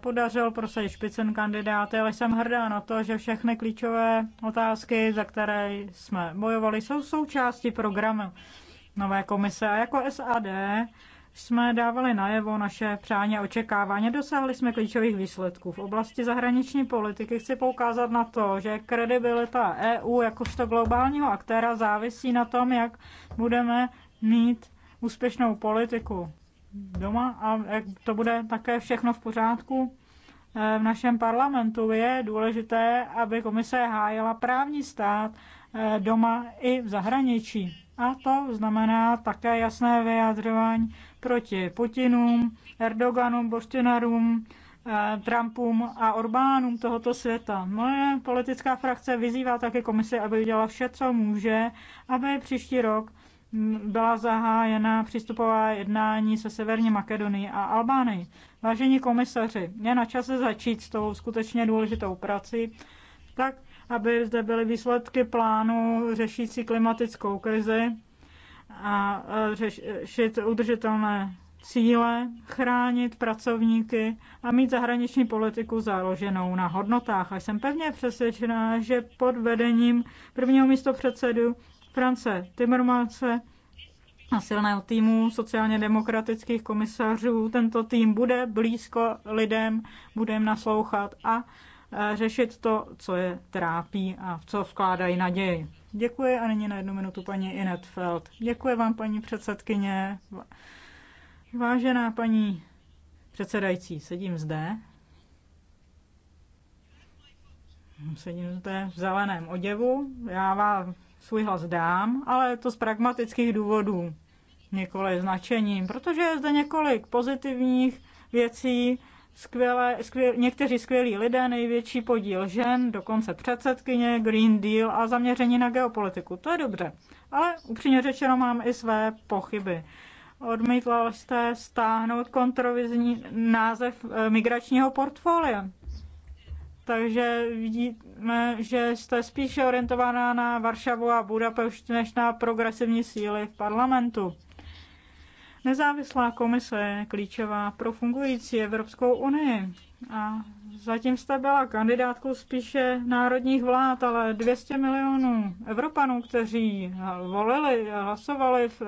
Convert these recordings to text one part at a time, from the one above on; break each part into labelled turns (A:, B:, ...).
A: podařil prosadit špicen kandidáty, ale jsem hrdá na to, že všechny klíčové otázky, za které jsme bojovali, jsou součástí programu nové komise. A jako SAD jsme dávali najevo naše přání a očekávání. Dosáhli jsme klíčových výsledků. V oblasti zahraniční politiky chci poukázat na to, že kredibilita EU jakožto globálního aktéra závisí na tom, jak budeme mít úspěšnou politiku doma a jak eh, to bude také všechno v pořádku eh, v našem parlamentu. Je důležité, aby komise hájila právní stát eh, doma i v zahraničí. A to znamená také jasné vyjadřování proti Putinům, Erdoganům, Boštinarům, Trumpům a Orbánům tohoto světa. Moje politická frakce vyzývá také komisi, aby udělala vše, co může, aby příští rok byla zahájena přístupová jednání se Severní Makedonii a Albánii. Vážení komisaři, je na čase začít s tou skutečně důležitou prací, tak aby zde byly výsledky plánu řešící klimatickou krizi a e, řešit udržitelné cíle, chránit pracovníky a mít zahraniční politiku založenou na hodnotách. A jsem pevně přesvědčená, že pod vedením prvního místo předsedu France Timmermanse a silného týmu sociálně demokratických komisařů. Tento tým bude blízko lidem, bude jim naslouchat a e, řešit to, co je trápí a v co vkládají naději. Děkuji a nyní na jednu minutu paní Inet Feld. Děkuji vám, paní předsedkyně. Vážená paní předsedající, sedím zde. Sedím zde v zeleném oděvu. Já vám svůj hlas dám, ale to z pragmatických důvodů, nikoli značením, protože je zde několik pozitivních věcí, skvělé, skvěl, někteří skvělí lidé, největší podíl žen, dokonce předsedkyně, Green Deal a zaměření na geopolitiku. To je dobře, ale upřímně řečeno mám i své pochyby. Odmítla jste stáhnout kontroverzní název eh, migračního portfolia takže vidíme, že jste spíše orientovaná na Varšavu a Budapešť než na progresivní síly v parlamentu. Nezávislá komise je klíčová pro fungující Evropskou unii. A zatím jste byla kandidátkou spíše národních vlád, ale 200 milionů Evropanů, kteří volili, hlasovali v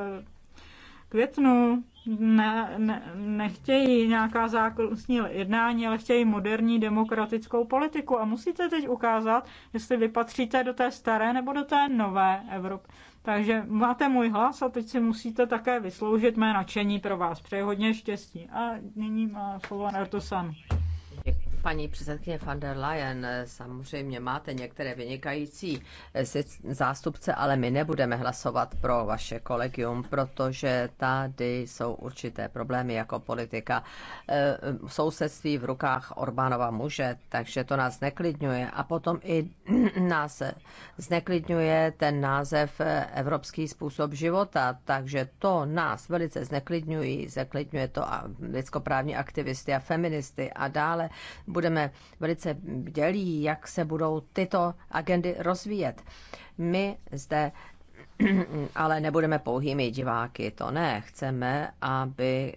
A: květnu ne, ne, nechtějí nějaká zákonní jednání, ale chtějí moderní demokratickou politiku. A musíte teď ukázat, jestli vypatříte do té staré nebo do té nové Evropy. Takže máte můj hlas a teď si musíte také vysloužit mé nadšení pro vás. Přeji hodně štěstí. A
B: nyní má slovo Nartosan. Paní předsedkyně van der Leyen, samozřejmě máte některé vynikající eh, zástupce, ale my nebudeme hlasovat pro vaše kolegium, protože tady jsou určité problémy jako politika eh, sousedství v rukách Orbánova muže, takže to nás neklidňuje. A potom i nás zneklidňuje ten název eh, Evropský způsob života, takže to nás velice zneklidňuje, zneklidňuje to a lidskoprávní aktivisty a feministy a dále budeme velice dělí, jak se budou tyto agendy rozvíjet. My zde ale nebudeme pouhými diváky, to ne. Chceme, aby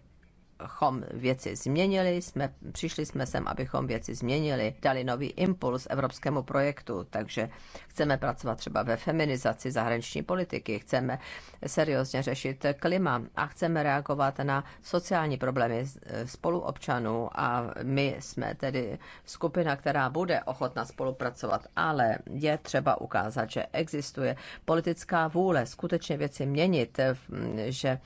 B: abychom věci změnili. Jsme, přišli jsme sem, abychom věci změnili, dali nový impuls evropskému projektu, takže chceme pracovat třeba ve feminizaci zahraniční politiky, chceme seriózně řešit klima a chceme reagovat na sociální problémy e, spoluobčanů a my jsme tedy skupina, která bude ochotna spolupracovat, ale je třeba ukázat, že existuje politická vůle skutečně věci měnit, e, že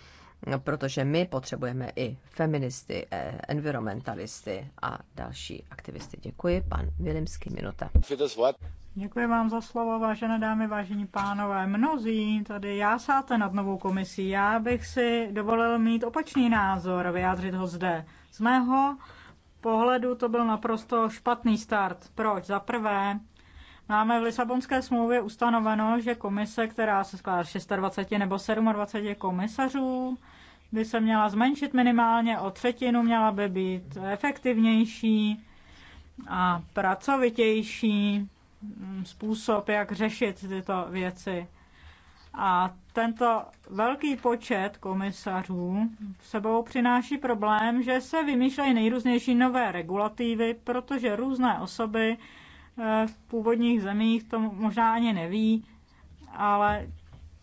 B: No, protože my potřebujeme i feministy, eh, environmentalisty a další aktivisty. Děkuji, pan Vilimský, minuta.
A: Děkuji vám za slovo, vážené dámy, vážení pánové. Mnozí tady jásáte nad novou komisí. Já bych si dovolil mít opačný názor, vyjádřit ho zde. Z mého pohledu to byl naprosto špatný start. Proč? Za prvé, Máme v Lisabonské smlouvě ustanoveno, že komise, která se skládá z 26 nebo 27 komisařů, by se měla zmenšit minimálně o třetinu, měla by být efektivnější a pracovitější mm, způsob, jak řešit tyto věci. A tento velký počet komisařů sebou přináší problém, že se vymýšlejí nejrůznější nové regulativy, protože různé osoby eh, v původních zemích to možná ani neví, ale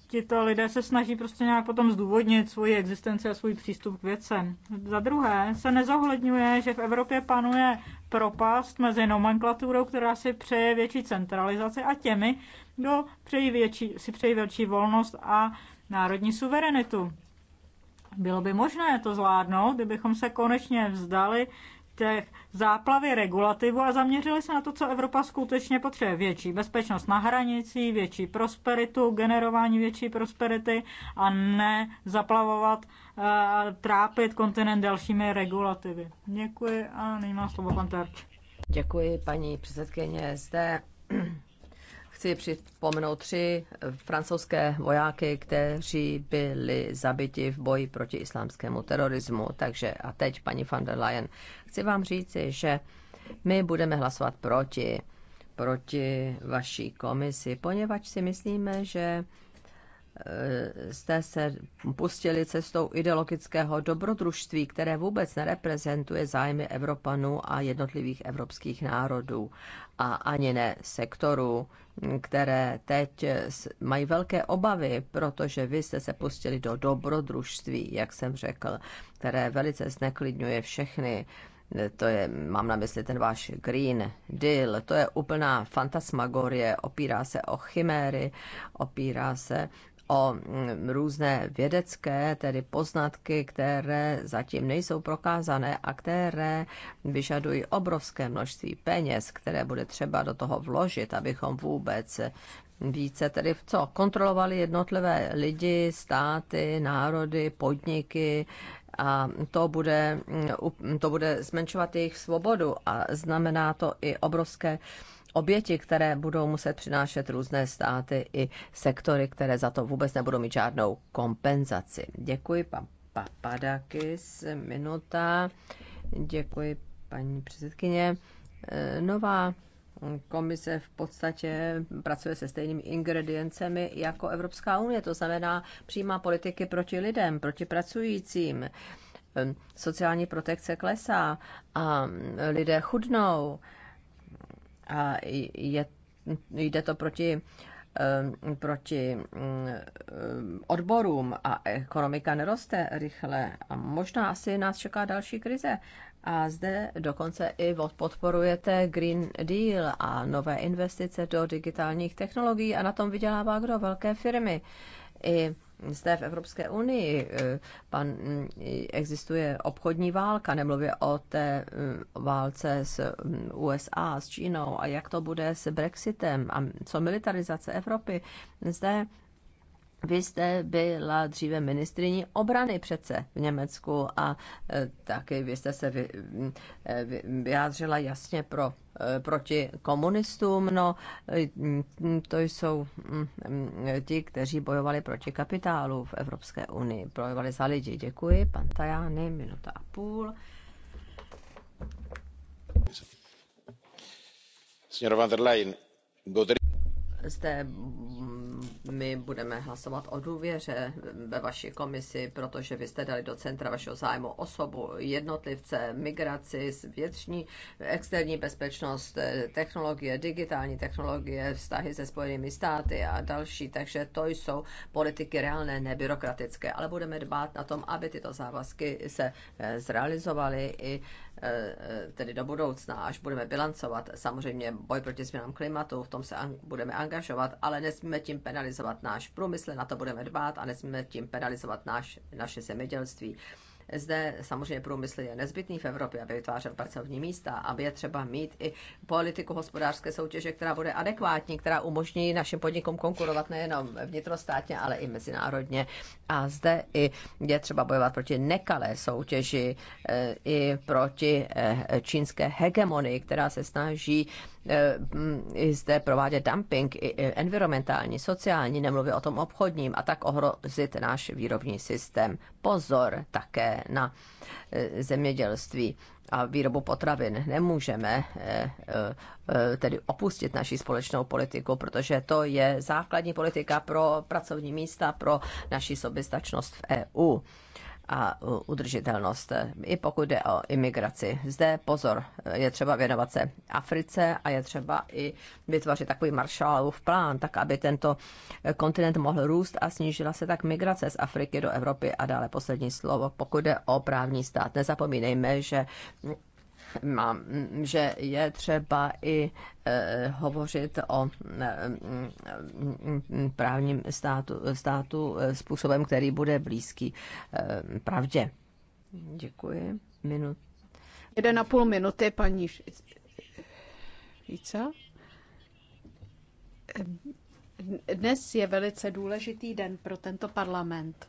A: tito lidé se snaží prostě nějak potom zdůvodnit svoji existenci a svůj přístup k věcem. Za druhé se nezohledňuje, že v Evropě panuje propast mezi nomenklaturou, která si přeje větší centralizaci a těmi, kdo přeji větší, si přeji větší volnost a národní suverenitu. Bylo by možné to zvládnout, kdybychom se konečně vzdali té záplavy regulativu a zaměřili se na to, co Evropa skutečně potřebuje. Větší bezpečnost na hranici, větší prosperitu, generování větší prosperity a ne zaplavovat eh, trápit kontinent dalšími regulativy. Děkuji a nyní má slovo pan Terč.
B: Děkuji, paní předsedkyně. Zde chci připomenout tři francouzské vojáky, kteří byli zabiti v boji proti islámskému terorismu. Takže a teď, paní van der Leyen, chci vám říci, že my budeme hlasovat proti, proti vaší komisi, poněvadž si myslíme, že Eh, jste se pustili cestou ideologického dobrodružství, které vůbec nereprezentuje zájmy Evropanů a jednotlivých evropských národů a ani ne sektorů, které teď mají velké obavy, protože vy jste se pustili do dobrodružství, jak jsem řekl, které velice zneklidňuje všechny to je, mám na mysli ten váš Green Deal, to je úplná fantasmagorie, opírá se o chiméry, opírá se o mm, různé vědecké, tedy poznatky, které zatím nejsou prokázané a které vyžadují obrovské množství peněz, které bude třeba do toho vložit, abychom vůbec více tedy v co? Kontrolovali jednotlivé lidi, státy, národy, podniky a to bude, mm, to bude zmenšovat jejich svobodu a znamená to i obrovské oběti, které budou muset přinášet různé státy i sektory, které za to vůbec nebudou mít žádnou kompenzaci. Děkuji, pan Papadakis, minuta. Děkuji, paní předsedkyně. Eh, nová komise v podstatě pracuje se stejnými ingrediencemi jako Evropská unie, to znamená přijímá politiky proti lidem, proti pracujícím, eh, sociální protekce klesá a lidé chudnou a je, jde to proti eh, proti eh, odborům a ekonomika neroste rychle. A možná asi nás čeká další krize. A zde dokonce i podporujete Green Deal a nové investice do digitálních technologií a na tom vydělává kdo? Velké firmy i zde v Evropské unii eh, pan, eh, existuje obchodní válka, nemluvě o té eh, válce s mm, USA, s Čínou a jak to bude s Brexitem a co militarizace Evropy. Zde vy jste byla dříve ministriní obrany přece v Německu a e, taky vy jste se vy, e, vy, vyjádřila jasně pro, e, proti komunistům. No, to jsou ti, kteří bojovali proti kapitálu v Evropské unii. Bojovali za lidi. Děkuji. Pan Tajány, minuta a půl.
C: Směrová van
B: zde mm, my budeme hlasovat o důvěře ve vaší komisi, protože vy jste dali do centra vašeho zájmu osobu, jednotlivce, migraci, vnitřní, externí bezpečnost, eh, technologie, digitální technologie, vztahy se Spojenými státy a další. Takže to jsou politiky reálné, nebyrokratické, ale budeme dbát na tom, aby tyto závazky se eh, zrealizovaly i E, tedy do budoucna, až budeme bilancovat, samozřejmě boj proti změnám klimatu, v tom se an- budeme angažovat, ale nesmíme tím penalizovat náš průmysl, na to budeme dbát a nesmíme tím penalizovat náš, naše zemědělství. Zde samozřejmě průmysl je nezbytný v Evropě, aby vytvářel pracovní místa, aby je třeba mít i politiku hospodářské soutěže, která bude adekvátní, která umožní našim podnikům konkurovat nejenom vnitrostátně, ale i mezinárodně. A zde i je třeba bojovat proti nekalé soutěži, eh, i proti eh, čínské hegemonii, která se snaží Eh, i zde provádět dumping i environmentální, sociální, nemluvě o tom obchodním a tak ohrozit náš výrobní systém. Pozor také na eh, zemědělství a výrobu potravin. Nemůžeme eh, tedy opustit naši společnou politiku, protože to je základní politika pro pracovní místa, pro naši soběstačnost v EU a udržitelnost. I pokud jde o imigraci. Zde pozor, je třeba věnovat se Africe a je třeba i vytvořit takový maršálův plán, tak aby tento kontinent mohl růst a snížila se tak migrace z Afriky do Evropy. A dále poslední slovo, pokud jde o právní stát. Nezapomínejme, že mám, že je třeba i eh, hovořit o eh, mm, právním státu, státu eh, způsobem, který bude blízký pravdě. Děkuji. Minut.
C: Jeden na půl minuty, paní Více? Dnes je velice důležitý den pro tento parlament.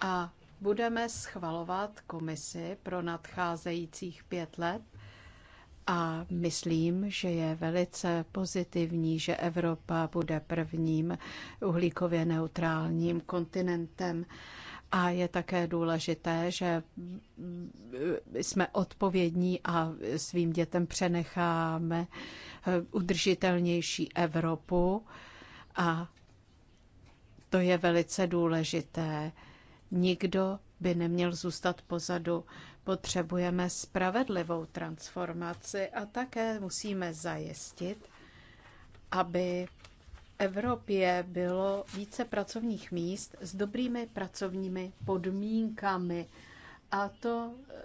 C: A budeme schvalovat komisi pro nadcházejících pět let a myslím, že je velice pozitivní, že Evropa bude prvním uhlíkově neutrálním kontinentem. A je také důležité, že jsme odpovědní a svým dětem přenecháme udržitelnější Evropu. A to je velice důležité. Nikdo by neměl zůstat pozadu. Potřebujeme spravedlivou transformaci a také musíme zajistit, aby Evropě bylo více pracovních míst s dobrými pracovními podmínkami, a to eh,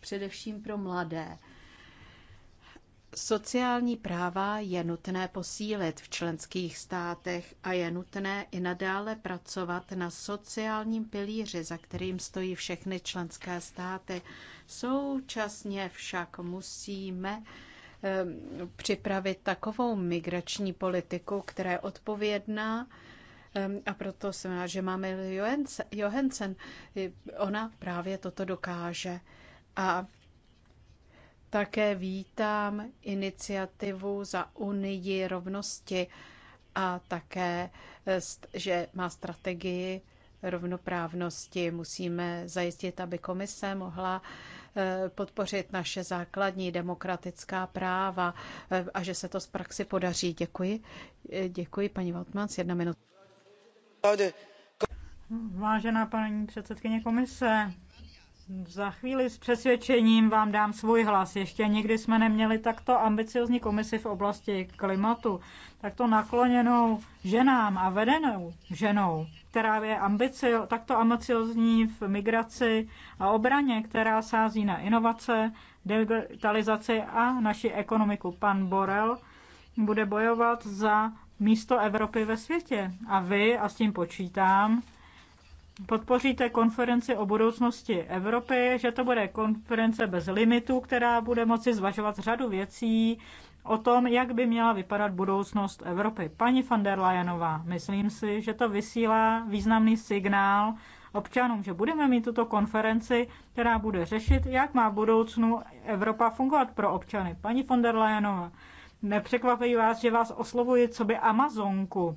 C: především pro mladé. Sociální práva je nutné posílit v členských státech a je nutné i nadále pracovat na sociálním pilíři, za kterým stojí všechny členské státy. Současně však musíme ehm, připravit takovou migrační politiku, která je odpovědná ehm, a proto jsem rád, že máme Johansen. Ona právě toto dokáže. A také vítám iniciativu za Unii rovnosti a také, že má strategii rovnoprávnosti. Musíme zajistit, aby komise mohla e, podpořit naše základní demokratická práva e, a že se to z praxi podaří. Děkuji. E,
A: děkuji, paní z Jedna minuta. Vážená paní předsedkyně komise, za chvíli s přesvědčením vám dám svůj hlas. Ještě nikdy jsme neměli takto ambiciozní komisi v oblasti klimatu, takto nakloněnou ženám a vedenou ženou, která je ambicio, takto ambiciozní v migraci a obraně, která sází na inovace, digitalizaci a naši ekonomiku. Pan Borel bude bojovat za místo Evropy ve světě. A vy, a s tím počítám, podpoříte konferenci o budoucnosti Evropy, že to bude konference bez limitů, která bude moci zvažovat řadu věcí o tom, jak by měla vypadat budoucnost Evropy. Paní van der Leyenová, myslím si, že to vysílá významný signál občanům, že budeme mít tuto konferenci, která bude řešit, jak má v budoucnu Evropa fungovat pro občany. Paní von der Leyenová, nepřekvapí vás, že vás oslovuji co by Amazonku.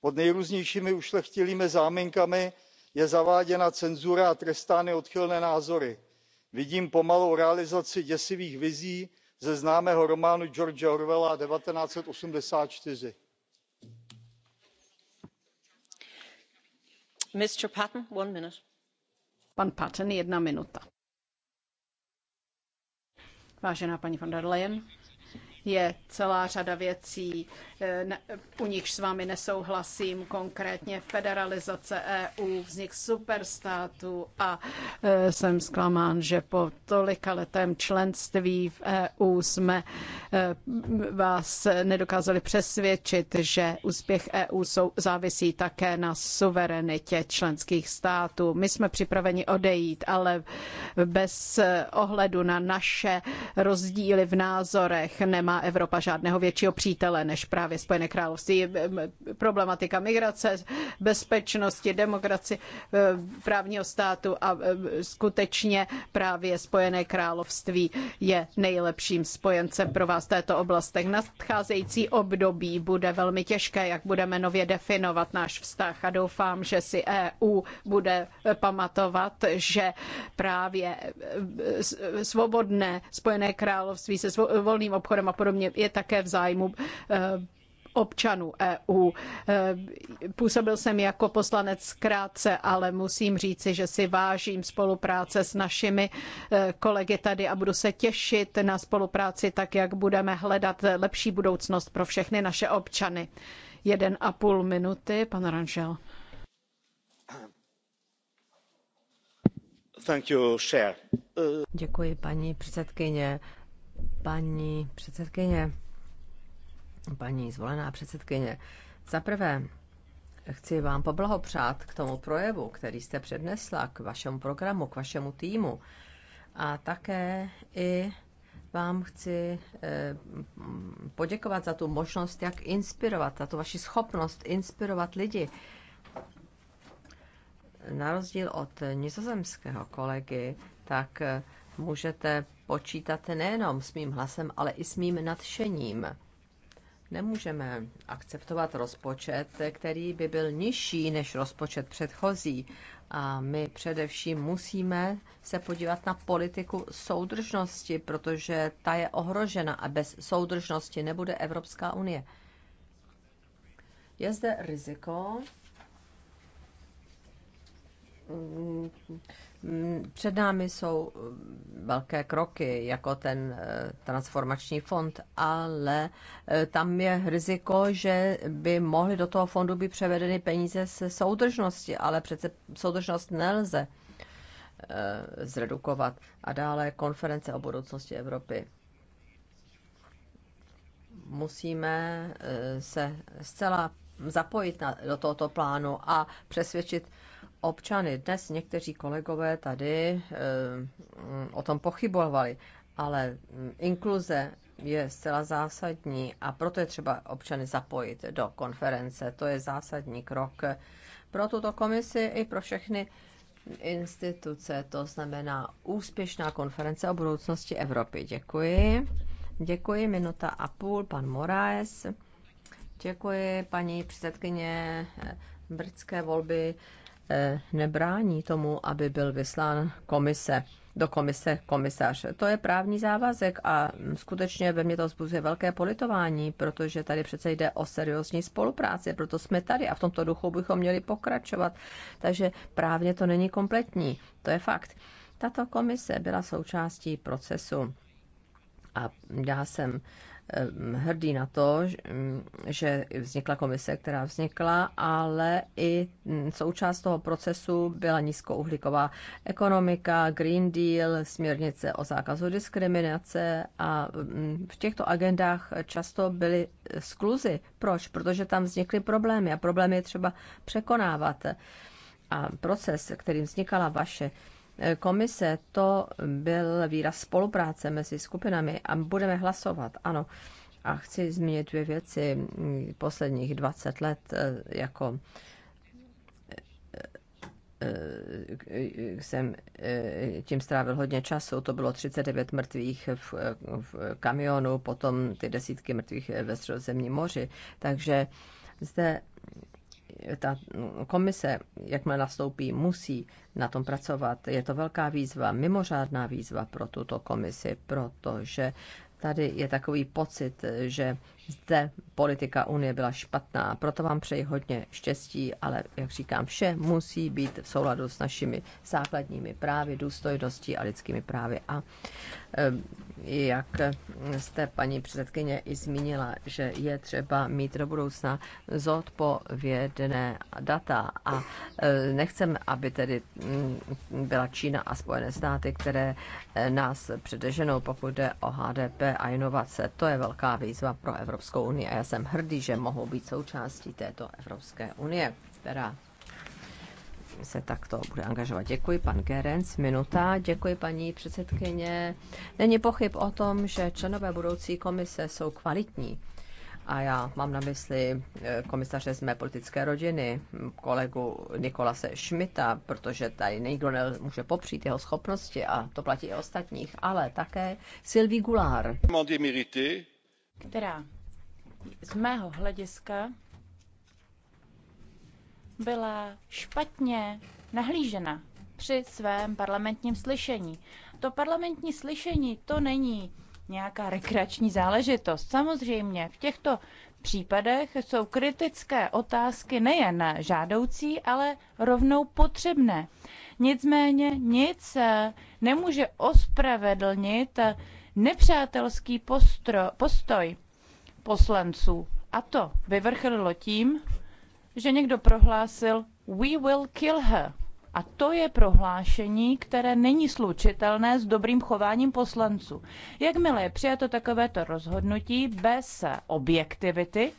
D: pod nejrůznějšími ušlechtilými záminkami je zaváděna cenzura a trestány odchylné názory. vidím pomalou realizaci děsivých vizí ze známého románu george orwella. one thousand nine hundred
B: and eighty
C: four jedna minuta. vážená paní von der leyenová je celá řada věcí, eh, u nichž s vámi nesouhlasím, konkrétně federalizace EU, vznik superstátu a eh, jsem zklamán, že po tolika letém členství v EU jsme eh, vás nedokázali přesvědčit, že úspěch EU jsou, závisí také na suverenitě členských států. My jsme připraveni odejít, ale bez ohledu na naše rozdíly v názorech nemá Evropa žádného většího přítele než právě Spojené království. Problematika migrace, bezpečnosti, demokracie, eh, právního státu a eh, skutečně právě Spojené království je nejlepším spojencem pro vás v této oblastech. Nadcházející období bude velmi těžké, jak budeme nově definovat náš vztah a doufám, že si EU bude pamatovat, že právě eh, svobodné Spojené království se volným obchodem a podobně, je také v zájmu eh, občanů EU. Eh, působil jsem jako poslanec krátce, ale musím říci, že si vážím spolupráce s našimi eh, kolegy tady a budu se těšit na spolupráci tak, jak budeme hledat lepší budoucnost pro všechny naše občany. Jeden a půl minuty, pan Ranžel.
B: Děkuji, paní předsedkyně paní předsedkyně, paní zvolená předsedkyně. Za prvé, chci vám poblahopřát k tomu projevu, který jste přednesla, k vašemu programu, k vašemu týmu. A také i vám chci eh, poděkovat za tu možnost, jak inspirovat, za tu vaši schopnost inspirovat lidi. Na rozdíl od nizozemského kolegy, tak eh, můžete počítat nejenom s mým hlasem, ale i s mým nadšením. Nemůžeme akceptovat rozpočet, který by byl nižší než rozpočet předchozí. A my především musíme se podívat na politiku soudržnosti, protože ta je ohrožena a bez soudržnosti nebude Evropská unie. Je zde riziko, před námi jsou velké kroky, jako ten eh, transformační fond, ale eh, tam je riziko, že by mohly do toho fondu být převedeny peníze se soudržnosti, ale přece soudržnost nelze eh, zredukovat. A dále konference o budoucnosti Evropy. Musíme se zcela zapojit na, do tohoto plánu a přesvědčit občany. Dnes někteří kolegové tady eh, o tom pochybovali, ale mm, inkluze je zcela zásadní a proto je třeba občany zapojit do konference. To je zásadní krok pro tuto komisi i pro všechny instituce, to znamená úspěšná konference o budoucnosti Evropy. Děkuji. Děkuji, minuta a půl, pan Moraes. Děkuji, paní předsedkyně eh, britské volby Eh, nebrání tomu, aby byl vyslán komise do komise komisař. To je právní závazek a skutečně ve mně to vzbuzuje velké politování, protože tady přece jde o seriózní spolupráci, proto jsme tady a v tomto duchu bychom měli pokračovat. Takže právně to není kompletní, to je fakt. Tato komise byla součástí procesu a já jsem Ehm, hrdý na to, že vznikla komise, která vznikla, ale i hm, součást toho procesu byla nízkouhlíková ekonomika, Green Deal, směrnice o zákazu diskriminace a hm, v těchto agendách často byly skluzy. Proč? Protože tam vznikly problémy a problémy je třeba překonávat. A proces, kterým vznikala vaše komise, to byl výraz spolupráce mezi skupinami a budeme hlasovat, ano. A chci zmínit dvě věci. Posledních 20 let eh, jako eh, jsem eh, tím strávil hodně času, to bylo 39 mrtvých v, v kamionu, potom ty desítky mrtvých ve středozemní moři, takže zde ta komise, jakmile nastoupí, musí na tom pracovat. Je to velká výzva, mimořádná výzva pro tuto komisi, protože tady je takový pocit, že zde politika Unie byla špatná. Proto vám přeji hodně štěstí, ale jak říkám, vše musí být v souladu s našimi základními právy, důstojností a lidskými právy. A eh, jak jste, paní předsedkyně, i zmínila, že je třeba mít do budoucna zodpovědné data a eh, nechceme, aby tedy mm, byla Čína a Spojené státy, které eh, nás předeženou, pokud jde o HDP a inovace. To je velká výzva pro Evropu. Evropskou unii a já jsem hrdý, že mohou být součástí této Evropské unie, která se takto bude angažovat. Děkuji, pan Gerenc. Minuta. Děkuji, paní předsedkyně. Není pochyb o tom, že členové budoucí komise jsou kvalitní. A já mám na mysli eh, komisaře z mé politické rodiny, kolegu Nikolase Šmita, protože tady nikdo nemůže popřít jeho schopnosti a to platí i ostatních, ale také Sylvie Goulard. Která z mého
E: hlediska byla špatně nahlížena při svém parlamentním slyšení. To parlamentní slyšení to není nějaká rekreační záležitost. Samozřejmě v těchto případech jsou kritické otázky nejen žádoucí, ale rovnou potřebné. Nicméně nic eh, nemůže ospravedlnit nepřátelský postro, postoj poslanců. A to vyvrcholilo tím, že někdo prohlásil We will kill her. A to je prohlášení, které není slučitelné s dobrým chováním poslanců. Jakmile je přijato takovéto rozhodnutí bez objektivity,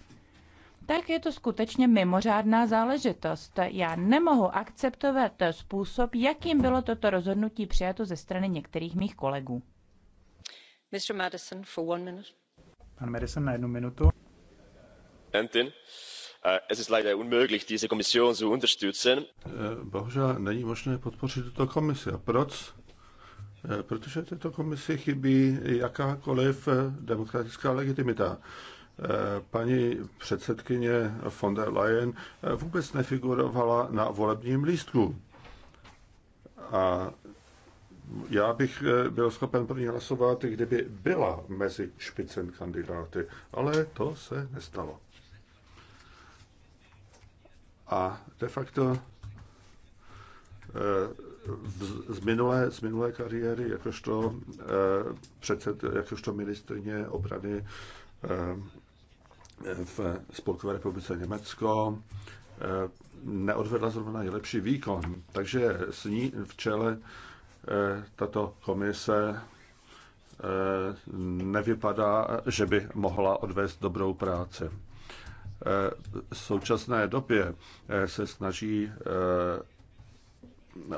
E: tak je to skutečně mimořádná záležitost. Já nemohu akceptovat způsob, jakým bylo toto rozhodnutí přijato ze strany některých mých kolegů.
F: Mr. Madison, for one minute.
G: Pan Madison na jednu minutu.
A: Äh,
H: äh, bohužel není možné podpořit tuto komisi. A proč? Äh, protože této komisi chybí jakákoliv demokratická legitimita. Paní předsedkyně von der Leyen vůbec nefigurovala na volebním lístku. A já bych eh, byl schopen pro ní hlasovat, kdyby byla mezi špicen kandidáty, ale to se nestalo. A de facto eh, z minulé, z minulé kariéry, jakožto, eh, předsed, jakožto ministrně obrany v Spolkové republice Německo, neodvedla zrovna nejlepší výkon. Takže s ní v čele Eh, tato komise eh, nevypadá, že by mohla odvést dobrou práci. Eh, v současné době se snaží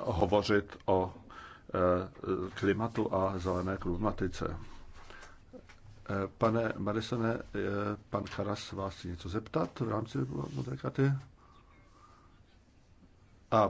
H: hovořit o klimatu a zelené klimatice. Pane Marisone, pan Karas vás něco zeptat v rámci modrekaty? A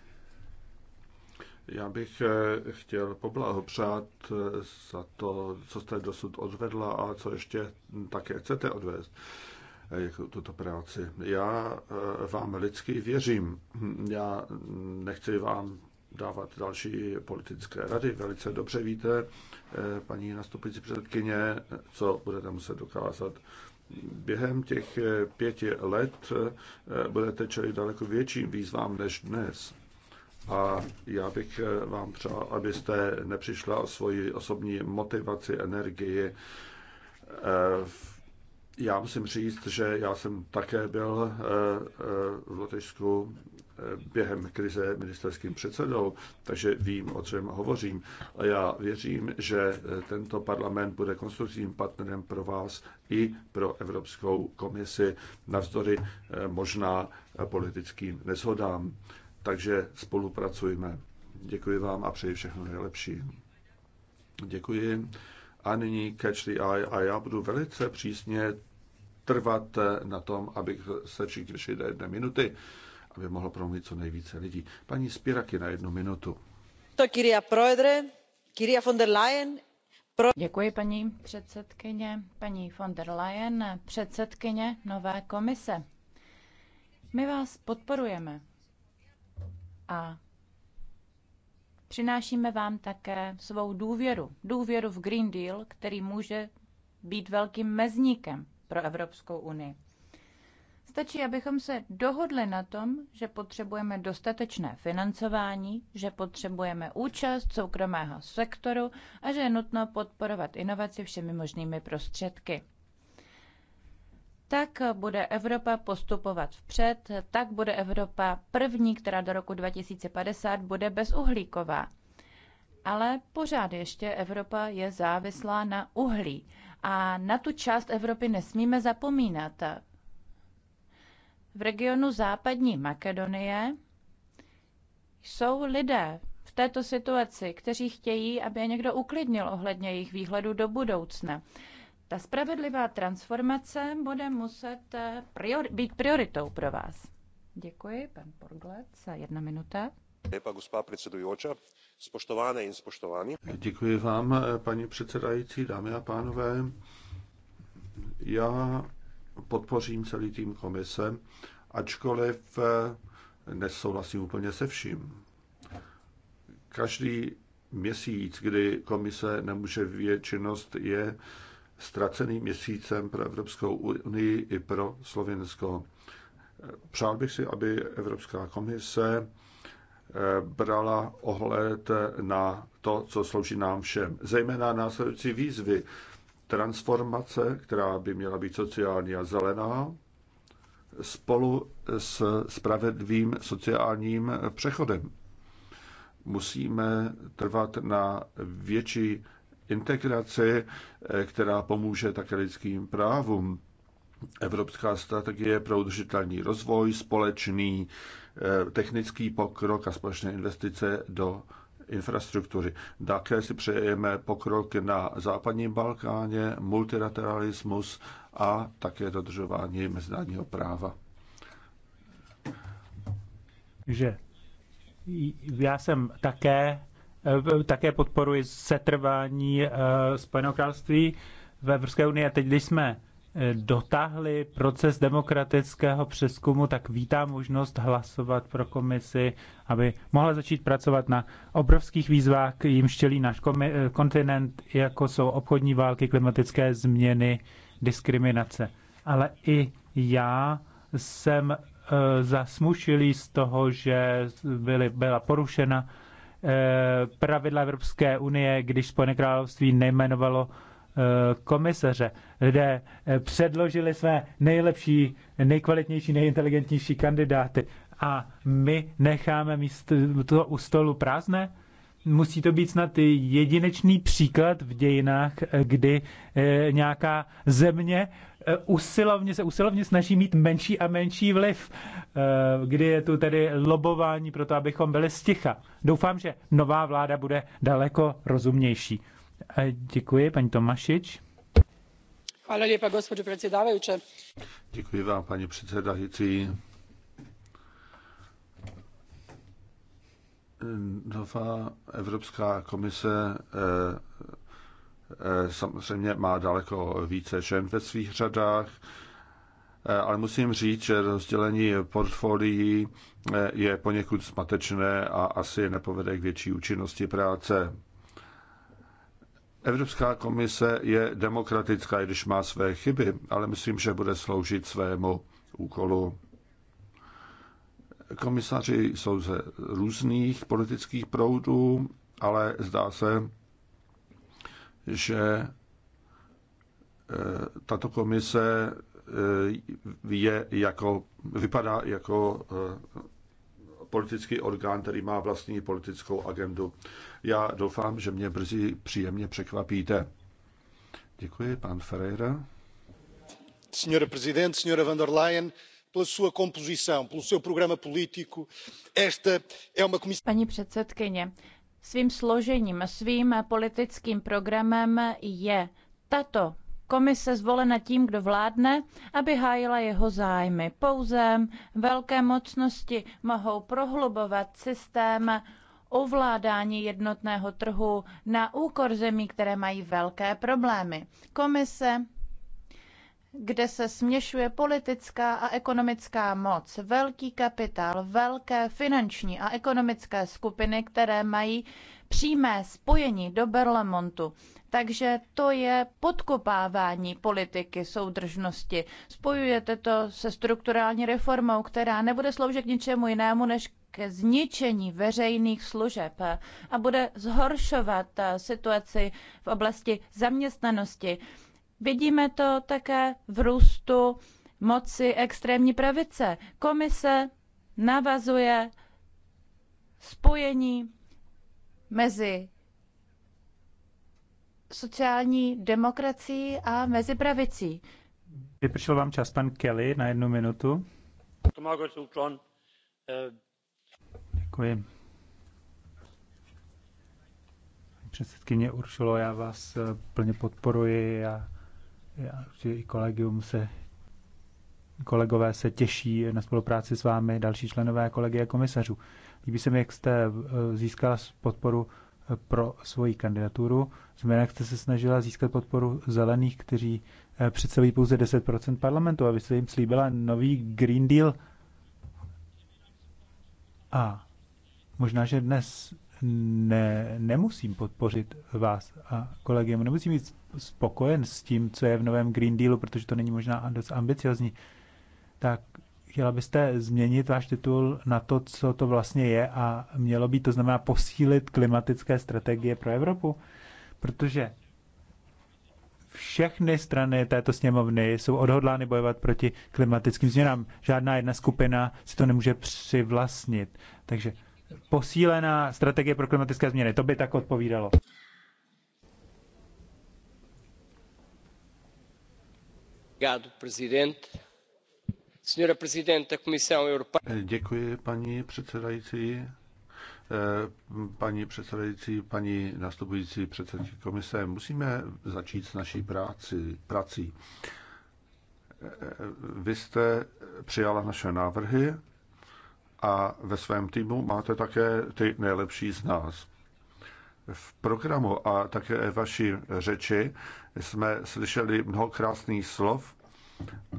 H: já bych eh, chtěl poblahopřát eh, za to, co jste dosud odvedla a co ještě také chcete odvést eh, jako tuto práci. Já vám lidsky věřím. Já nechci vám dávat další politické rady. Velice dobře víte, paní nastupující předkyně, co budete muset dokázat. Během těch pěti let budete čelit daleko větším výzvám než dnes. A já bych eh, vám přál, abyste nepřišla o svoji osobní motivaci, energii. Eh, já musím říct, že já jsem také byl eh, v Lotyšsku během krize ministerským předsedou, takže vím, o čem hovořím. A já věřím, že tento parlament bude konstruktivním partnerem pro vás i pro Evropskou komisi, navzdory možná politickým neshodám. Takže spolupracujme. Děkuji vám a přeji všechno nejlepší. Děkuji. A nyní Catch the Eye a já budu velice přísně trvat na tom, abych se všichni vyšli do jedné minuty, aby mohlo promluvit co nejvíce lidí. Paní Spiraky na jednu minutu.
E: To Kyria Proedre, Kyria von der Leyen, Děkuji, paní předsedkyně, paní von der Leyen, předsedkyně nové komise. My vás podporujeme a přinášíme vám také svou důvěru. Důvěru v Green Deal, který může být velkým mezníkem pro Evropskou unii. Stačí, abychom se dohodli na tom, že potřebujeme dostatečné financování, že potřebujeme účast soukromého sektoru a že je nutno podporovat inovaci všemi možnými prostředky tak bude Evropa postupovat vpřed, tak bude Evropa první, která do roku 2050 bude bezuhlíková. Ale pořád ještě Evropa je závislá na uhlí a na tu část Evropy nesmíme zapomínat. V regionu západní Makedonie jsou lidé v této situaci, kteří chtějí, aby je někdo uklidnil ohledně jejich výhledu do budoucna. Ta spravedlivá transformace bude muset eh, priori- být prioritou pro vás. Děkuji, pan Porglec, za jedna minuta.
H: Děkuji vám, eh, paní předsedající, dámy a pánové. Já podpořím celý tým komise, ačkoliv eh, nesouhlasím úplně se vším. Každý měsíc, kdy komise nemůže vyvíjet činnost, je ztraceným měsícem pro Evropskou unii i pro Slovensko. Přál bych si, aby Evropská komise eh, brala ohled na to, co slouží nám všem, zejména následující výzvy. Transformace, která by měla být sociální a zelená, spolu s spravedlivým sociálním přechodem. Musíme trvat na větší integraci, eh, která pomůže také lidským právům. Evropská strategie pro udržitelný rozvoj, společný eh, technický pokrok a společné investice do infrastruktury. Také si přejeme pokrok na západním Balkáně, multilateralismus a také dodržování mezinárodního práva.
G: Že já jsem také Eh, také podporuji setrvání eh, Spojeného království v Evropské unii. A teď, když jsme eh, dotáhli proces demokratického přeskumu, tak vítám možnost hlasovat pro komisi, aby mohla začít pracovat na obrovských výzvách, jim štělí náš kontinent, jako jsou obchodní války, klimatické změny, diskriminace. Ale i já jsem zasmušilý z toho, že byly, byla porušena Eh, pravidla Evropské unie, když Spojené království nejmenovalo eh, komisaře. Lidé eh, předložili své nejlepší, nejkvalitnější, nejinteligentnější kandidáty a my necháme místo toho u stolu prázdné? musí to být snad jedinečný příklad v dějinách, kdy eh, nějaká země eh, usilovně, se usilovně snaží mít menší a menší vliv, eh, kdy je tu tedy lobování pro to, abychom byli sticha. Doufám, že nová vláda bude daleko rozumnější. Děkuji, paní Tomašič.
H: Děkuji vám, paní předsedající Nová Evropská komise eh, eh, samozřejmě má daleko více žen ve svých řadách, eh, ale musím říct, že rozdělení portfolií je poněkud zmatečné a asi nepovede k větší účinnosti práce. Evropská komise je demokratická, i když má své chyby, ale myslím, že bude sloužit svému úkolu. Komisaři jsou ze různých politických proudů, ale zdá se, že eh, tato komise eh, je jako, vypadá jako eh, politický orgán, který má vlastní politickou agendu. Já doufám, že mě brzy příjemně překvapíte. Děkuji, pan Ferreira.
D: Signore Presidente, signore van der Leyen, pela sua composição, pelo seu programa político. Esta é uma comissão. Paní předsedkyně,
E: svým složením a svým politickým programem je tato komise zvolena tím, kdo vládne, aby hájila jeho zájmy. Pouze velké mocnosti mohou prohlubovat systém ovládání jednotného trhu na úkor zemí, které mají velké problémy. Komise kde se směšuje politická a ekonomická moc, velký kapitál, velké finanční a ekonomické skupiny, které mají přímé spojení do Berlemontu. Takže to je podkopávání politiky soudržnosti. Spojujete to se strukturální reformou, která nebude sloužit k ničemu jinému než ke zničení veřejných služeb a bude zhoršovat eh, situaci v oblasti zaměstnanosti. Vidíme to také v růstu moci extrémní pravice. Komise navazuje spojení mezi sociální demokracií a mezi pravicí.
G: Vypršel vám čas, pan Kelly, na jednu minutu. Děkuji. Předsedkyně Uršulo, já vás eh, plně podporuji a já, že i kolegium se, kolegové se těší na spolupráci s vámi, další členové kolegy a komisařů. Líbí se mi, jak jste eh, získala podporu eh, pro svoji kandidaturu. Změna, jak jste se snažila získat podporu zelených, kteří eh, představují pouze 10% parlamentu, aby se jim slíbila nový Green Deal. A možná, že dnes ne, nemusím podpořit vás a kolegy, nemusím být spokojen s tím, co je v novém Green Dealu, protože to není možná dost ambiciozní, tak chtěla byste změnit váš titul na to, co to vlastně je a mělo být, to znamená posílit klimatické strategie pro Evropu, protože všechny strany této sněmovny jsou odhodlány bojovat proti klimatickým změnám. Žádná jedna skupina si to nemůže přivlastnit. Takže posílená strategie pro klimatické změny. To by tak odpovídalo.
H: Eh, děkuji, paní předsedající. Eh, paní předsedající, paní nastupující předsedky komise, musíme začít s naší práci, prací. Eh, vy jste přijala naše návrhy, a ve svém týmu máte také ty nejlepší z nás. V programu a také vaší řeči jsme slyšeli mnoho krásných slov,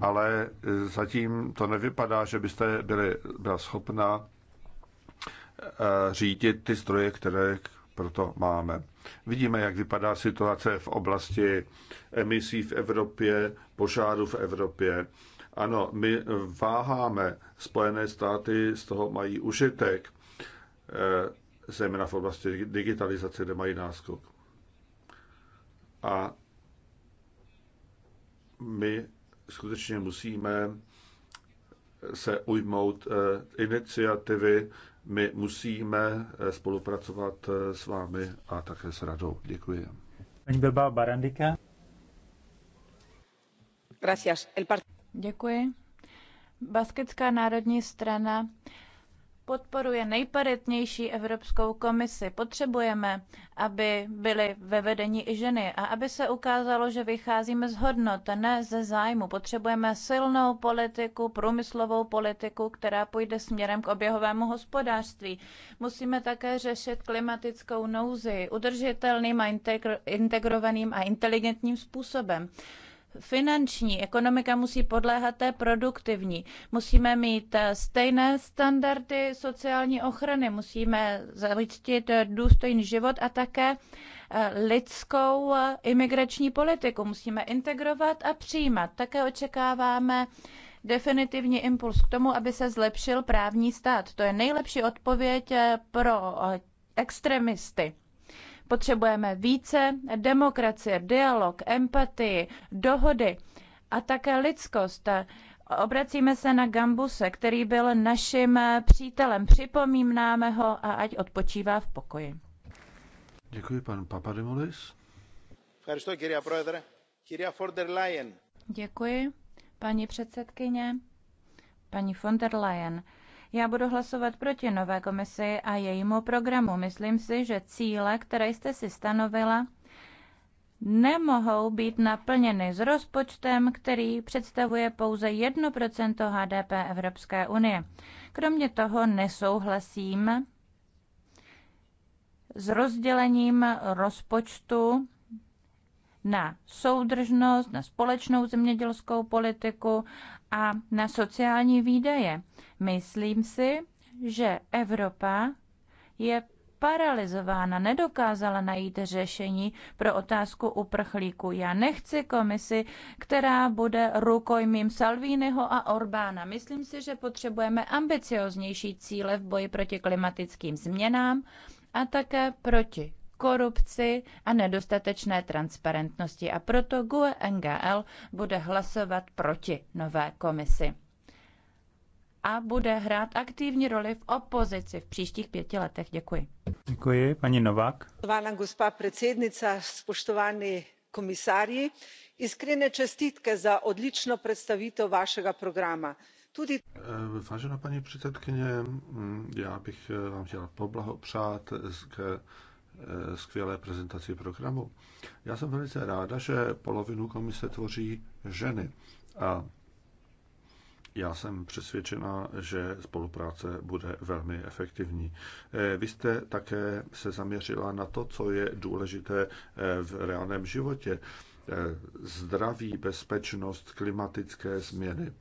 H: ale zatím to nevypadá, že byste byli, byla schopna eh, řídit ty zdroje, které proto máme. Vidíme, jak vypadá situace v oblasti emisí v Evropě, požáru v Evropě. Ano, my váháme, Spojené státy z toho mají užitek, eh, zejména v oblasti digitalizace, kde mají náskok. A my skutečně musíme se ujmout eh, iniciativy, my musíme eh, spolupracovat s vámi a také s radou. Děkuji. Paní Barandika.
E: Gracias. El part. Děkuji. Baskická národní strana podporuje nejparitnější Evropskou komisi. Potřebujeme, aby byly ve vedení i ženy a aby se ukázalo, že vycházíme z hodnot, ne ze zájmu. Potřebujeme silnou politiku, průmyslovou politiku, která půjde směrem k oběhovému hospodářství. Musíme také řešit klimatickou nouzi udržitelným a integrovaným a inteligentním způsobem finanční ekonomika musí podléhat té produktivní. Musíme mít eh, stejné standardy sociální ochrany, musíme zajistit eh, důstojný život a také eh, lidskou imigrační politiku. Musíme integrovat a přijímat. Také očekáváme definitivní impuls k tomu, aby se zlepšil právní stát. To je nejlepší odpověď pro extremisty. Potřebujeme více demokracie, dialog, empatii, dohody a také lidskost. Obracíme se na Gambuse, který byl naším přítelem. Připomínáme ho a ať odpočívá v pokoji.
H: Děkuji, pan Papadimolis.
E: Děkuji, paní předsedkyně, paní von der Leyen. Já budu hlasovat proti nové komisi a jejímu programu. Myslím si, že cíle, které jste si stanovila, nemohou být naplněny s rozpočtem, který představuje pouze 1% HDP Evropské unie. Kromě toho nesouhlasím s rozdělením rozpočtu na soudržnost, na společnou zemědělskou politiku a na sociální výdaje. Myslím si, že Evropa je paralizována, nedokázala najít řešení pro otázku uprchlíků. Já nechci komisi, která bude rukojmím Salvínyho a Orbána. Myslím si, že potřebujeme ambicioznější cíle v boji proti klimatickým změnám a také proti korupci a nedostatečné transparentnosti a proto GUE NGL bude hlasovat proti nové komisi a bude hrát aktivní roli v opozici v příštích pěti letech. Děkuji.
G: Děkuji, paní Novák.
B: Vána gospa predsednica, spoštovaní komisáři, iskrené čestitke za odlično představitev vašeho programu. Tudy...
H: Vážená paní předsedkyně, já bych vám chtěla poblahopřát k Eh, skvělé prezentaci programu. Já jsem velice ráda, že polovinu komise tvoří ženy a já jsem přesvědčena, že spolupráce bude velmi efektivní. Eh, vy jste také se zaměřila na to, co je důležité eh, v reálném životě. Zdraví, bezpečnost, klimatické změny.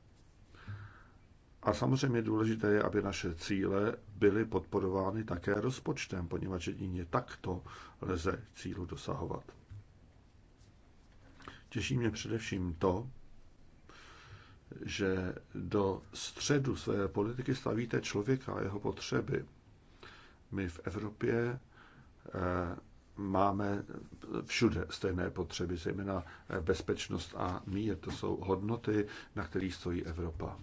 H: A samozřejmě důležité je, aby naše cíle byly podporovány také rozpočtem, poněvadž jedině takto lze cílu dosahovat. Těší mě především to, že do středu své politiky stavíte člověka a jeho potřeby. My v Evropě eh, máme všude stejné potřeby, zejména bezpečnost a mír. To jsou hodnoty, na kterých stojí Evropa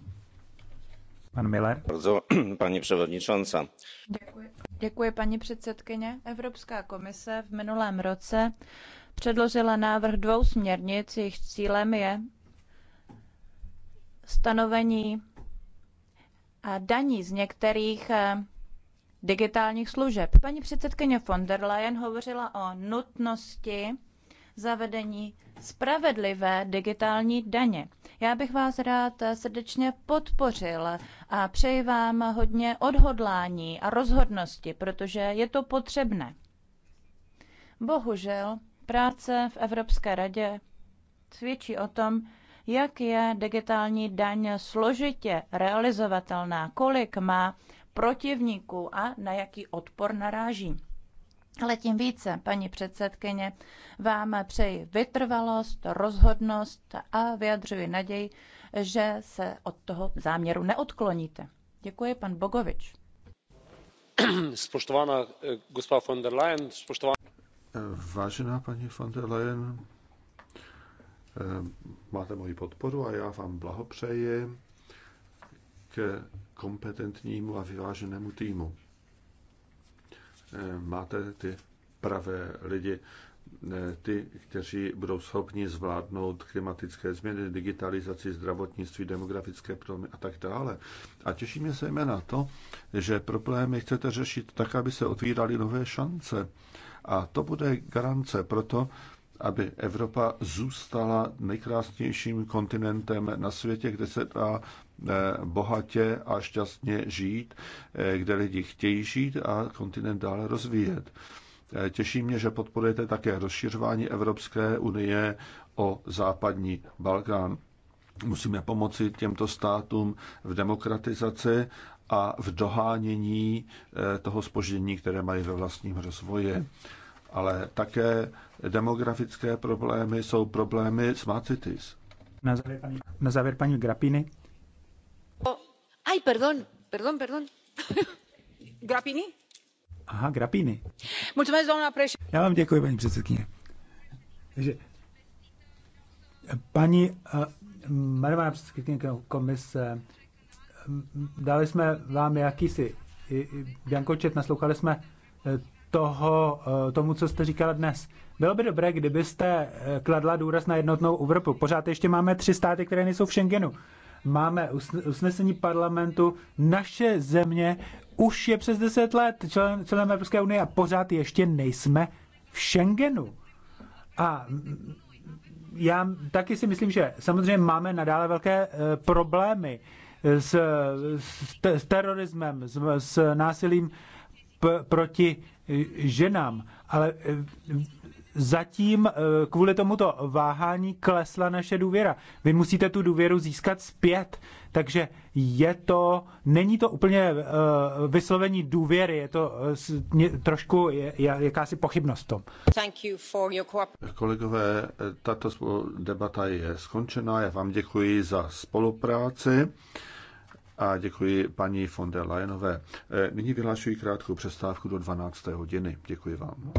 H: paní předsedající.
E: předsedkyně. Evropská komise v minulém roce předložila návrh dvou směrnic, jejich cílem je stanovení eh, daní z některých eh, digitálních služeb. Paní předsedkyně von der Leyen hovořila o nutnosti zavedení spravedlivé digitální daně. Já bych vás rád srdečně podpořil a přeji vám hodně odhodlání a rozhodnosti, protože je to potřebné. Bohužel práce v Evropské radě svědčí o tom, jak je digitální daň složitě realizovatelná, kolik má protivníků a na jaký odpor naráží. Ale tím více, paní předsedkyně, vám přeji vytrvalost, rozhodnost a vyjadřuji naději, že se od toho záměru neodkloníte. Děkuji, pan Bogovič.
H: Spoštovaná eh, gospa von der Leyen, spoštovaná... Vážená paní von der Leyen, eh, máte moji podporu a já vám blahopřeji k kompetentnímu a vyváženému týmu. Eh, máte ty pravé lidi, eh, ty, kteří budou schopni zvládnout klimatické změny, digitalizaci, zdravotnictví, demografické problémy a tak dále. A těší mě na to, že problémy chcete řešit tak, aby se otvíraly nové šance. A to bude garance pro to, aby Evropa zůstala nejkrásnějším kontinentem na světě, kde se dá Eh, bohatě a šťastně žít, eh, kde lidi chtějí žít a kontinent dále rozvíjet. Eh, těší mě, že podporujete také rozšiřování Evropské unie o západní Balkán. Musíme pomoci těmto státům v demokratizaci a v dohánění toho spoždění, které mají ve vlastním rozvoji. Ale také demografické problémy jsou problémy s macitis. Na závěr paní, na závěr paní Grapiny
G: perdón,
A: perdón, perdón. Grapini?
G: Aha, Grapini. Já vám děkuji, paní předsedkyně. paní uh, jmenovaná předsedkyně komise, eh, dali jsme vám jakýsi Biankočet, naslouchali jsme eh, toho, tomu, co jste říkala dnes. Bylo by dobré, kdybyste kladla důraz na jednotnou Evropu. Pořád ještě máme tři státy, které nejsou v Schengenu máme usnesení parlamentu, naše země už je přes 10 let člen, členem Evropské unie a pořád ještě nejsme v Schengenu. A já taky si myslím, že samozřejmě máme nadále velké e, problémy s, s, te, s terorismem, s, s násilím p, proti e, ženám, ale e, zatím eh, kvůli tomuto váhání klesla naše důvěra. Vy musíte tu důvěru získat zpět, takže je to, není to úplně eh, vyslovení důvěry, je to eh, trošku je, je, jakási pochybnost v tom.
F: Thank you for your
H: Kolegové, tato debata je skončená, já vám děkuji za spolupráci a děkuji paní von der Leyenové. Nyní vyhlašuji krátkou přestávku do 12. hodiny. Děkuji vám.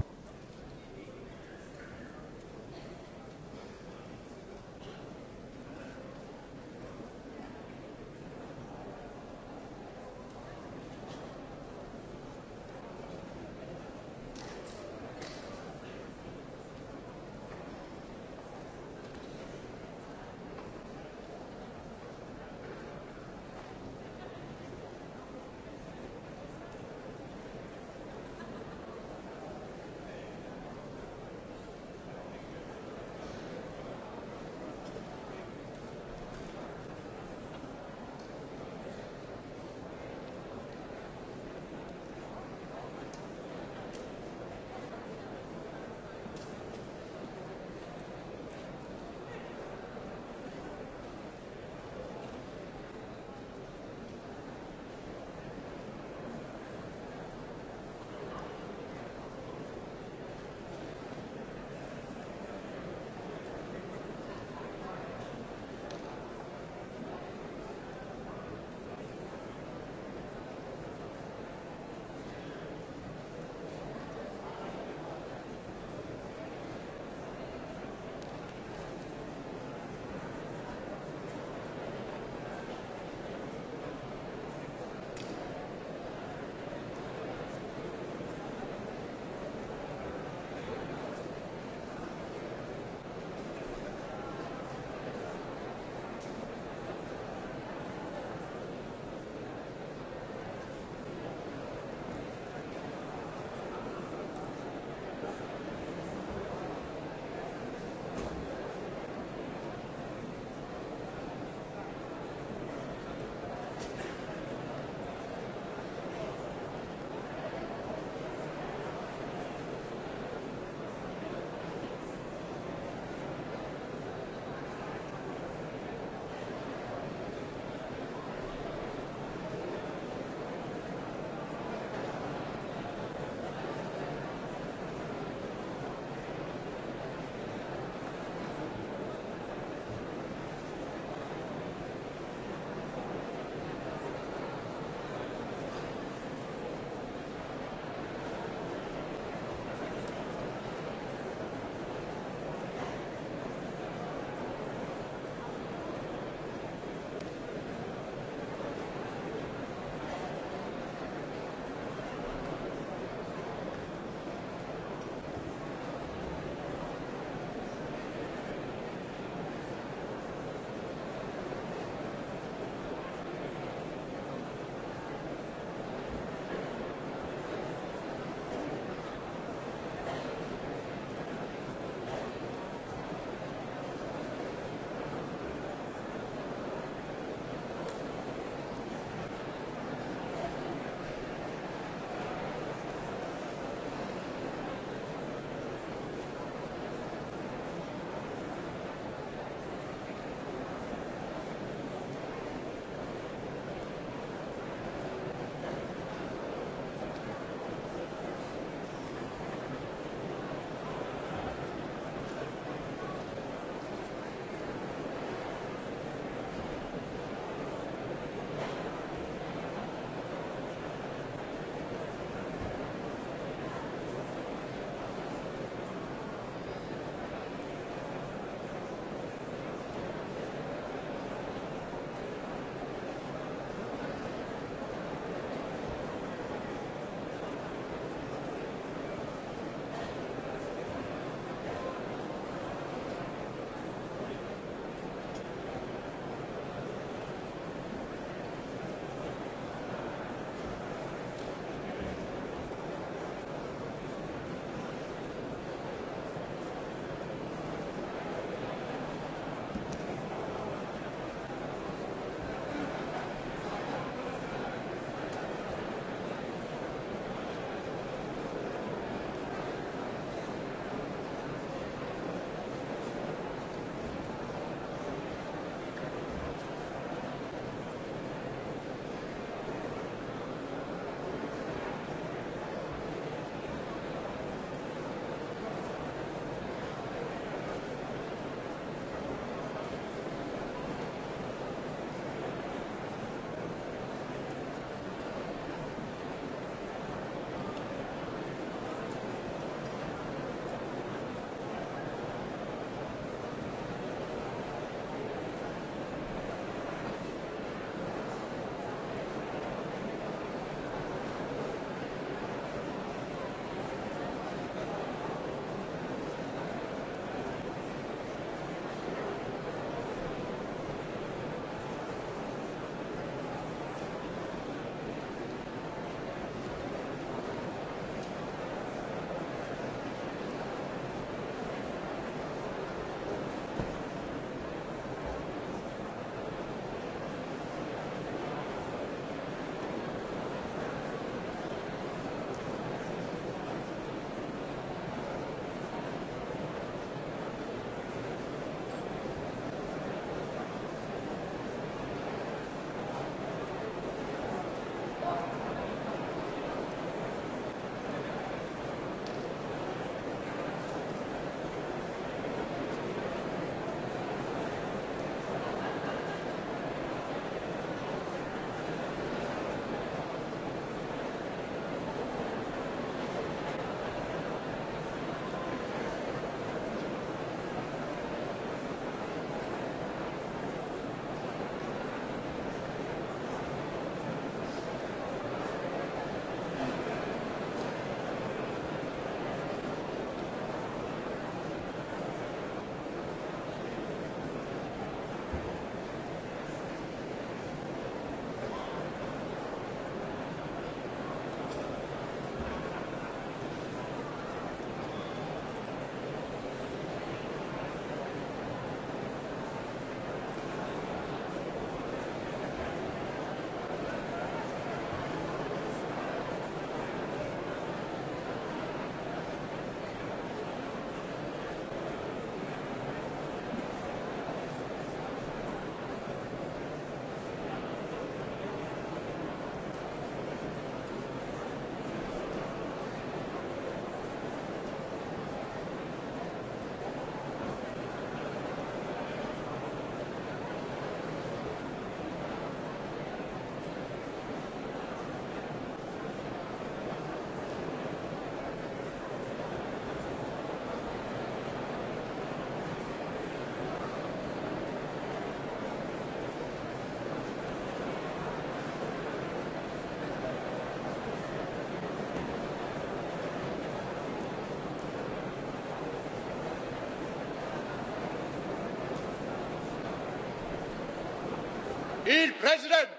H: presidente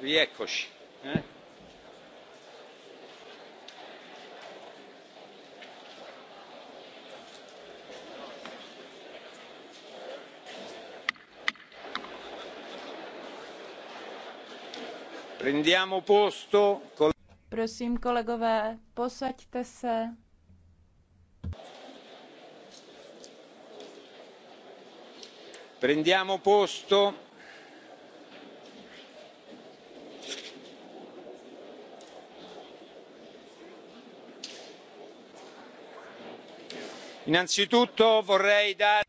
F: rieccoci eh?
D: prendiamo posto.
E: Prosím, kolegové, posaďte se.
G: Prendiamo posto. Innanzitutto vorrei dare...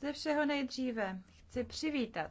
E: Ze všeho nejdříve chci přivítat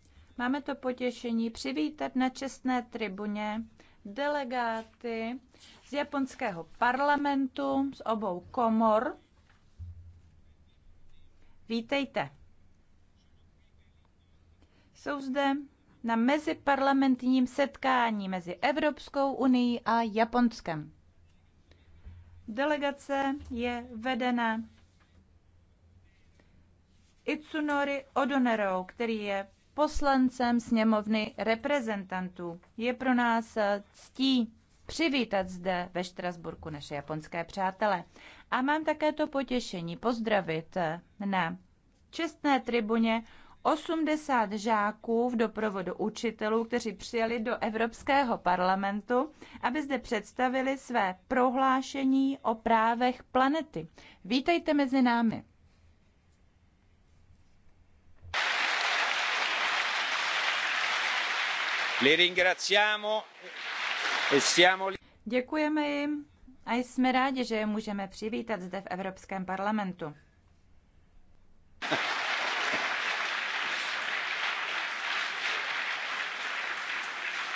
E: Máme to potěšení přivítat na čestné tribuně delegáty z japonského parlamentu, z obou komor. Vítejte. Jsou zde na meziparlamentním setkání mezi Evropskou unii a Japonskem. Delegace je vedena Itsunori Odonerou, který je poslancem sněmovny reprezentantů. Je pro nás ctí přivítat zde ve Štrasburku naše japonské přátele. A mám také to potěšení pozdravit na čestné tribuně 80 žáků v doprovodu učitelů, kteří přijeli do Evropského parlamentu, aby zde představili své prohlášení o právech planety. Vítejte mezi námi. E Děkujeme jim a jsme rádi, že je můžeme přivítat zde v Evropském parlamentu.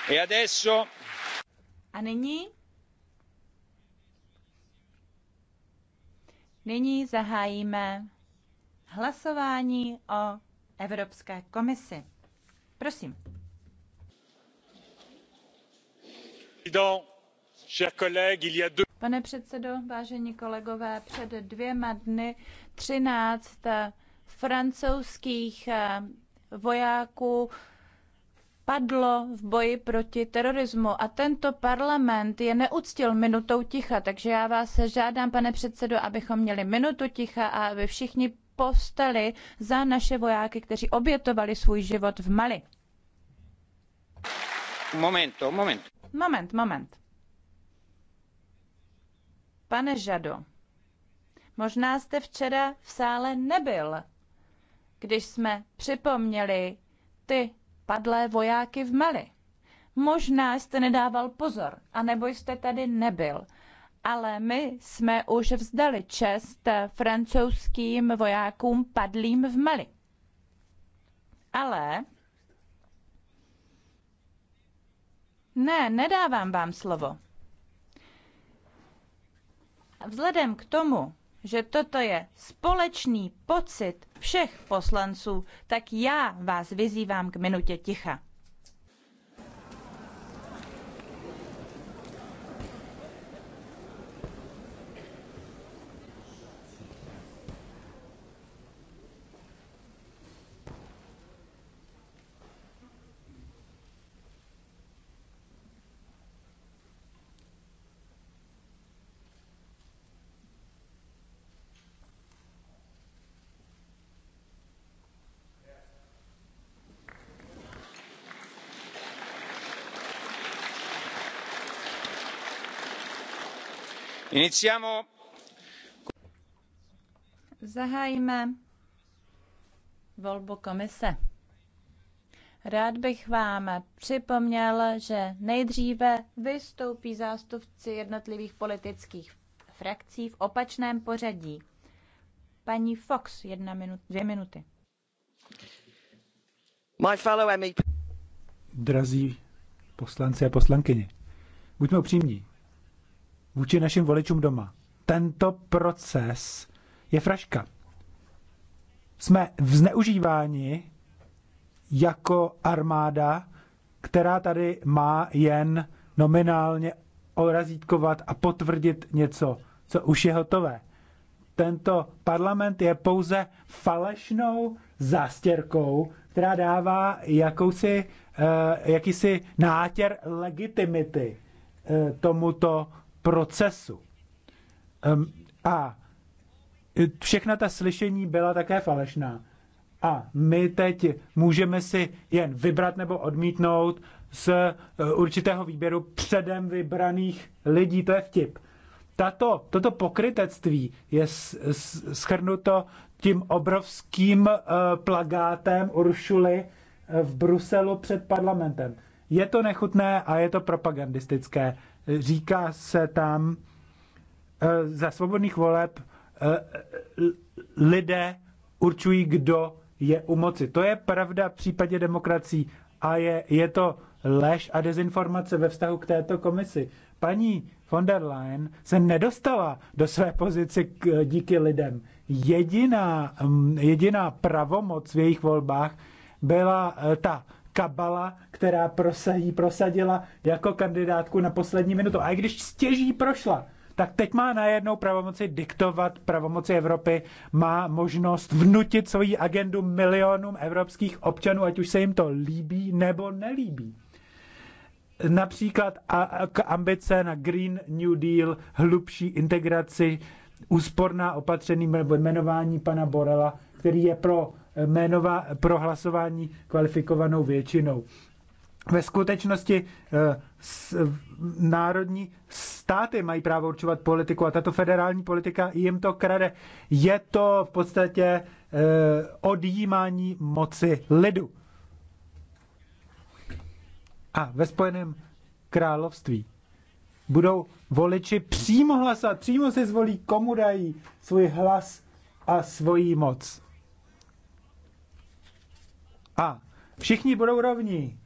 E: E a nyní? Nyní zahájíme hlasování o Evropské komisi. Prosím. Pane předsedo, před dvěma dny 13 eh, francouzských eh, vojáků padlo v boji proti terorismu a tento parlament je neuctil minutou ticha, takže já vás žádám, pane předsedo, abychom měli minutu ticha a aby všichni povstali za naše vojáky, kteří obětovali svůj život v Mali. moment. Moment, moment. Pane Žado, možná jste včera v sále nebyl, když jsme připomněli ty padlé vojáky v Mali. Možná jste nedával pozor, anebo jste tady nebyl, ale my jsme už vzdali čest francouzským vojákům padlým v Mali. Ale Ne, nedávám vám slovo. Vzhledem k tomu, že toto je společný pocit všech poslanců, tak já vás vyzývám k minutě ticha. Zahájíme volbu komise. Rád bych vám připomněl, že nejdříve vystoupí zástupci jednotlivých politických frakcí v opačném pořadí. Paní Fox, jedna minut, dvě minuty.
C: My fellow MEP.
G: Drazí poslanci a poslankyně, buďme upřímní vůči našim voličům doma. Tento proces je fraška. Jsme v jako armáda, která tady má jen nominálně orazítkovat a potvrdit něco, co už je hotové. Tento parlament je pouze falešnou zástěrkou, která dává jakousi, eh, jakýsi nátěr legitimity eh, tomuto procesu. A všechna ta slyšení byla také falešná. A my teď můžeme si jen vybrat nebo odmítnout z eh, určitého výběru předem vybraných lidí. To je vtip. Tato, toto pokrytectví je schrnuto tím obrovským eh, plagátem Uršuly eh, v Bruselu před parlamentem. Je to nechutné a je to propagandistické. Říká se tam, eh, za svobodných voleb eh, lidé určují, kdo je u moci. To je pravda v případě demokracií a je, je to lež a dezinformace ve vztahu k této komisi. Paní von der Leyen se nedostala do své pozice k, díky lidem. Jediná, mm, jediná pravomoc v jejich volbách byla eh, ta Kabala, která prosadí, prosadila jako kandidátku na poslední minutu. A i když stěží prošla, tak teď má najednou pravomoci diktovat pravomoci Evropy, má možnost vnutit svoji agendu milionům evropských občanů, ať už se jim to líbí nebo nelíbí. Například k ambice na Green New Deal, hlubší integraci, úsporná opatření nebo jmenování pana Borela, který je pro jmenová, pro hlasování kvalifikovanou většinou. Ve skutečnosti eh, národní státy mají právo určovat politiku a tato federální politika jim to krade. Je to v podstatě eh, odjímání moci lidu. A ve Spojeném království budou voliči přímo hlasovat, přímo si zvolí, komu dají svůj hlas a svoji moc. A všichni budou rovní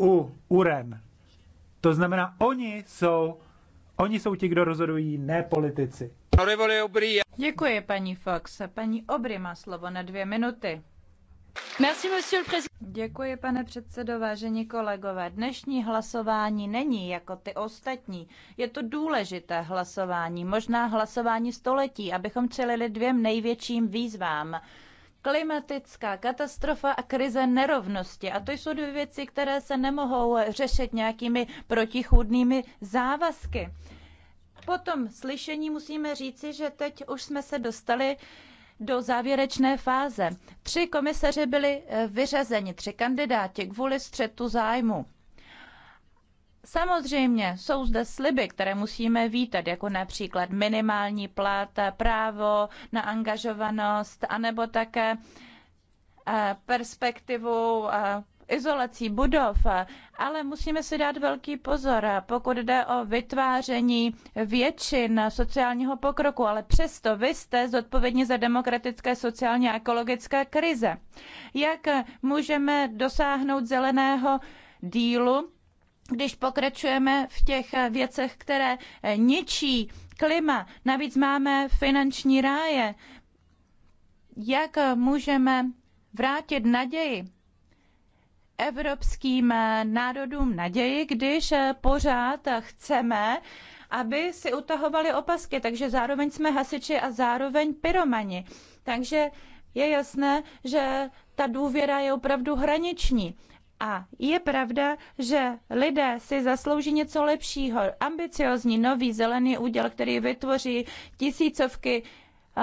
G: u UREN. To znamená, oni jsou, oni jsou ti, kdo rozhodují, ne politici.
E: Děkuji, paní Fox. Paní Obry má slovo na dvě minuty. Děkuji, pane předsedo, vážení kolegové. Dnešní hlasování není jako ty ostatní. Je to důležité hlasování, možná hlasování století, abychom čelili dvěm největším výzvám klimatická katastrofa a krize nerovnosti. A to jsou dvě věci, které se nemohou řešit nějakými protichůdnými závazky. Po tom slyšení musíme říci, že teď už jsme se dostali do závěrečné fáze. Tři komisaři byli eh, vyřazeni, tři kandidáti kvůli střetu zájmu. Samozřejmě jsou zde sliby, které musíme vítat, jako například minimální plat, právo na angažovanost, anebo také eh, perspektivu eh, izolací budov, ale musíme si dát velký pozor, pokud jde o vytváření většin sociálního pokroku, ale přesto vy jste zodpovědní za demokratické, sociální a ekologické krize. Jak můžeme dosáhnout zeleného dílu, když pokračujeme v těch eh, věcech, které eh, ničí klima, navíc máme finanční ráje, jak eh, můžeme vrátit naději evropským národům naději, když pořád chceme, aby si utahovali opasky. Takže zároveň jsme hasiči a zároveň pyromani. Takže je jasné, že ta důvěra je opravdu hraniční. A je pravda, že lidé si zaslouží něco lepšího. Ambiciozní nový zelený úděl, který vytvoří tisícovky eh,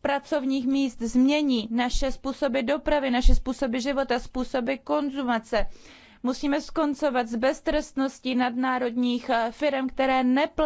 E: pracovních míst, změní naše způsoby dopravy, naše způsoby života, způsoby konzumace. Musíme skoncovat s beztrestností nadnárodních eh, firm, které neplatí